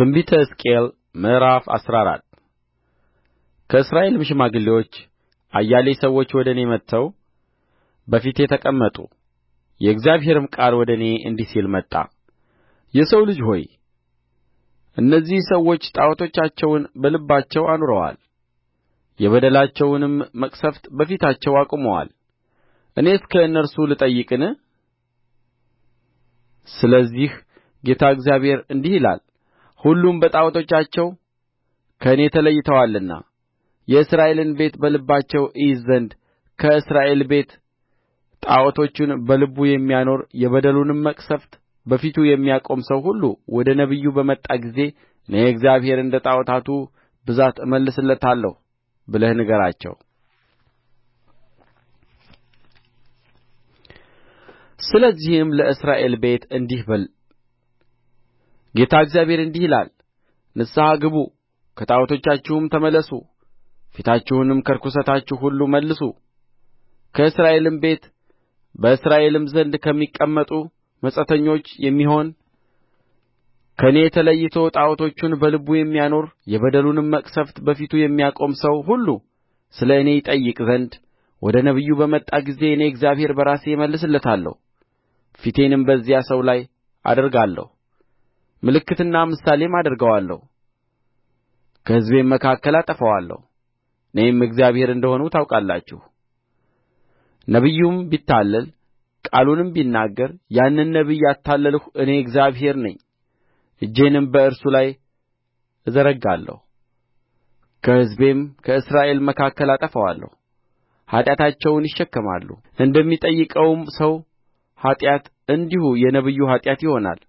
ትንቢተ ሕዝቅኤል ምዕራፍ አስራ አራት ከእስራኤልም ሽማግሌዎች አያሌ ሰዎች ወደ እኔ መጥተው በፊቴ ተቀመጡ የእግዚአብሔርም ቃል ወደ እኔ እንዲህ ሲል መጣ የሰው ልጅ ሆይ እነዚህ ሰዎች ጣዖቶቻቸውን በልባቸው አኑረዋል የበደላቸውንም መቅሠፍት በፊታቸው አቁመዋል እኔስ ከእነርሱ ልጠይቅን ስለዚህ ጌታ እግዚአብሔር እንዲህ ይላል ሁሉም በጣዖቶቻቸው ከእኔ ተለይተዋልና የእስራኤልን ቤት በልባቸው እይዝ ዘንድ ከእስራኤል ቤት ጣዖቶቹን በልቡ የሚያኖር የበደሉንም መቅሠፍት በፊቱ የሚያቆም ሰው ሁሉ ወደ ነቢዩ በመጣ ጊዜ እኔ እግዚአብሔር እንደ ጣዖታቱ ብዛት እመልስለታለሁ ብለህ ንገራቸው ስለዚህም ለእስራኤል ቤት እንዲህ በል ጌታ እግዚአብሔር እንዲህ ይላል ንስሐ ግቡ ከጣዖቶቻችሁም ተመለሱ ፊታችሁንም ከርኵሰታችሁ ሁሉ መልሱ ከእስራኤልም ቤት በእስራኤልም ዘንድ ከሚቀመጡ መጻተኞች የሚሆን ከእኔ ተለይቶ ጣዖቶቹን በልቡ የሚያኖር የበደሉንም መቅሠፍት በፊቱ የሚያቆም ሰው ሁሉ ስለ እኔ ይጠይቅ ዘንድ ወደ ነቢዩ በመጣ ጊዜ እኔ እግዚአብሔር በራሴ እመልስለታለሁ ፊቴንም በዚያ ሰው ላይ አደርጋለሁ ምልክትና ምሳሌም አደርገዋለሁ ከሕዝቤም መካከል አጠፋዋለሁ እኔም እግዚአብሔር እንደ ሆንሁ ታውቃላችሁ ነቢዩም ቢታለል ቃሉንም ቢናገር ያንን ነቢይ ያታለልሁ እኔ እግዚአብሔር ነኝ እጄንም በእርሱ ላይ እዘረጋለሁ ከሕዝቤም ከእስራኤል መካከል አጠፋዋለሁ ኃጢአታቸውን ይሸከማሉ እንደሚጠይቀውም ሰው ኃጢአት እንዲሁ የነቢዩ ኃጢአት ይሆናል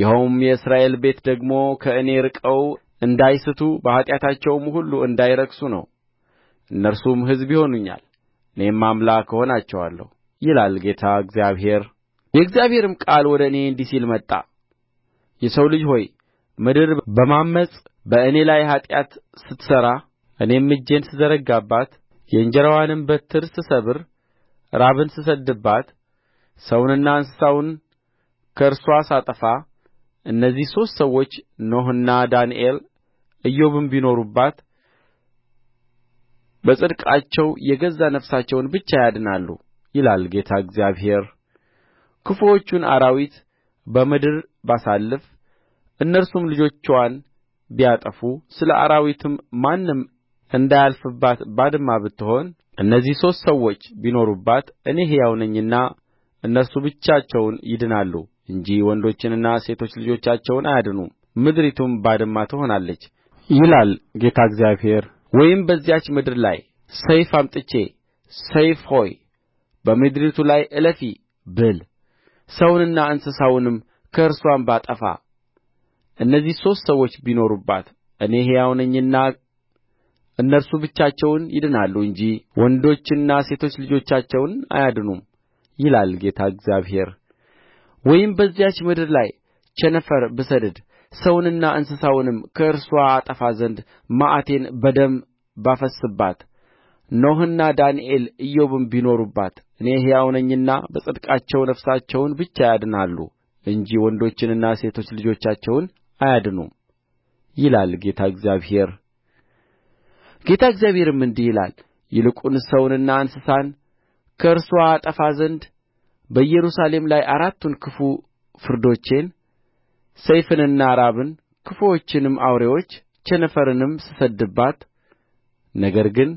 ይኸውም የእስራኤል ቤት ደግሞ ከእኔ ርቀው እንዳይስቱ በኃጢአታቸውም ሁሉ እንዳይረክሱ ነው እነርሱም ሕዝብ ይሆኑኛል እኔም አምላክ እሆናቸዋለሁ ይላል ጌታ እግዚአብሔር የእግዚአብሔርም ቃል ወደ እኔ እንዲህ ሲል መጣ የሰው ልጅ ሆይ ምድር በማመፅ በእኔ ላይ ኃጢአት ስትሠራ እኔም እጄን ስዘረጋባት የእንጀራዋንም በትር ስሰብር ራብን ስሰድድባት ሰውንና እንስሳውን ከእርስዋ ሳጠፋ እነዚህ ሦስት ሰዎች ኖኅና ዳንኤል ኢዮብም ቢኖሩባት በጽድቃቸው የገዛ ነፍሳቸውን ብቻ ያድናሉ ይላል ጌታ እግዚአብሔር ክፉዎቹን አራዊት በምድር ባሳልፍ እነርሱም ልጆችዋን ቢያጠፉ ስለ አራዊትም ማንም እንዳያልፍባት ባድማ ብትሆን እነዚህ ሦስት ሰዎች ቢኖሩባት እኔ ሕያው ነኝና እነርሱ ብቻቸውን ይድናሉ እንጂ ወንዶችንና ሴቶች ልጆቻቸውን አያድኑም ምድሪቱም ባድማ ትሆናለች ይላል ጌታ እግዚአብሔር ወይም በዚያች ምድር ላይ ሰይፍ አምጥቼ ሰይፍ ሆይ በምድሪቱ ላይ እለፊ ብል ሰውንና እንስሳውንም ከእርስዋም ባጠፋ እነዚህ ሦስት ሰዎች ቢኖሩባት እኔ ሕያው ነኝና እነርሱ ብቻቸውን ይድናሉ እንጂ ወንዶችና ሴቶች ልጆቻቸውን አያድኑም ይላል ጌታ እግዚአብሔር ወይም በዚያች ምድር ላይ ቸነፈር ብሰድድ ሰውንና እንስሳውንም ከእርስዋ አጠፋ ዘንድ መዓቴን በደም ባፈስስባት ኖኅና ዳንኤል ኢዮብም ቢኖሩባት እኔ ሕያው ነኝና በጽድቃቸው ነፍሳቸውን ብቻ ያድናሉ እንጂ ወንዶችንና ሴቶች ልጆቻቸውን አያድኑም ይላል ጌታ እግዚአብሔር። ጌታ እግዚአብሔርም እንዲህ ይላል ይልቁንስ ሰውንና እንስሳን ከእርስዋ አጠፋ ዘንድ በኢየሩሳሌም ላይ አራቱን ክፉ ፍርዶቼን ሰይፍንና ራብን ክፉዎችንም አውሬዎች ቸነፈርንም ስሰድድባት ነገር ግን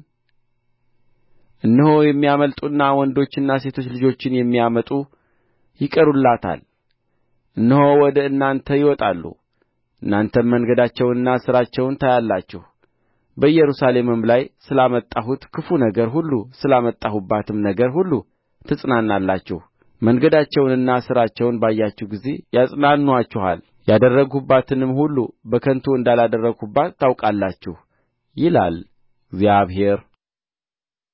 እነሆ የሚያመልጡና ወንዶችና ሴቶች ልጆችን የሚያመጡ ይቀሩላታል እነሆ ወደ እናንተ ይወጣሉ እናንተም መንገዳቸውንና ሥራቸውን ታያላችሁ በኢየሩሳሌምም ላይ ስላመጣሁት ክፉ ነገር ሁሉ ስላመጣሁባትም ነገር ሁሉ ትጽናናላችሁ መንገዳቸውንና ሥራቸውን ባያችሁ ጊዜ ያጽናኑአችኋል ያደረግሁባትንም ሁሉ በከንቱ እንዳላደረግሁባት ታውቃላችሁ ይላል እግዚአብሔር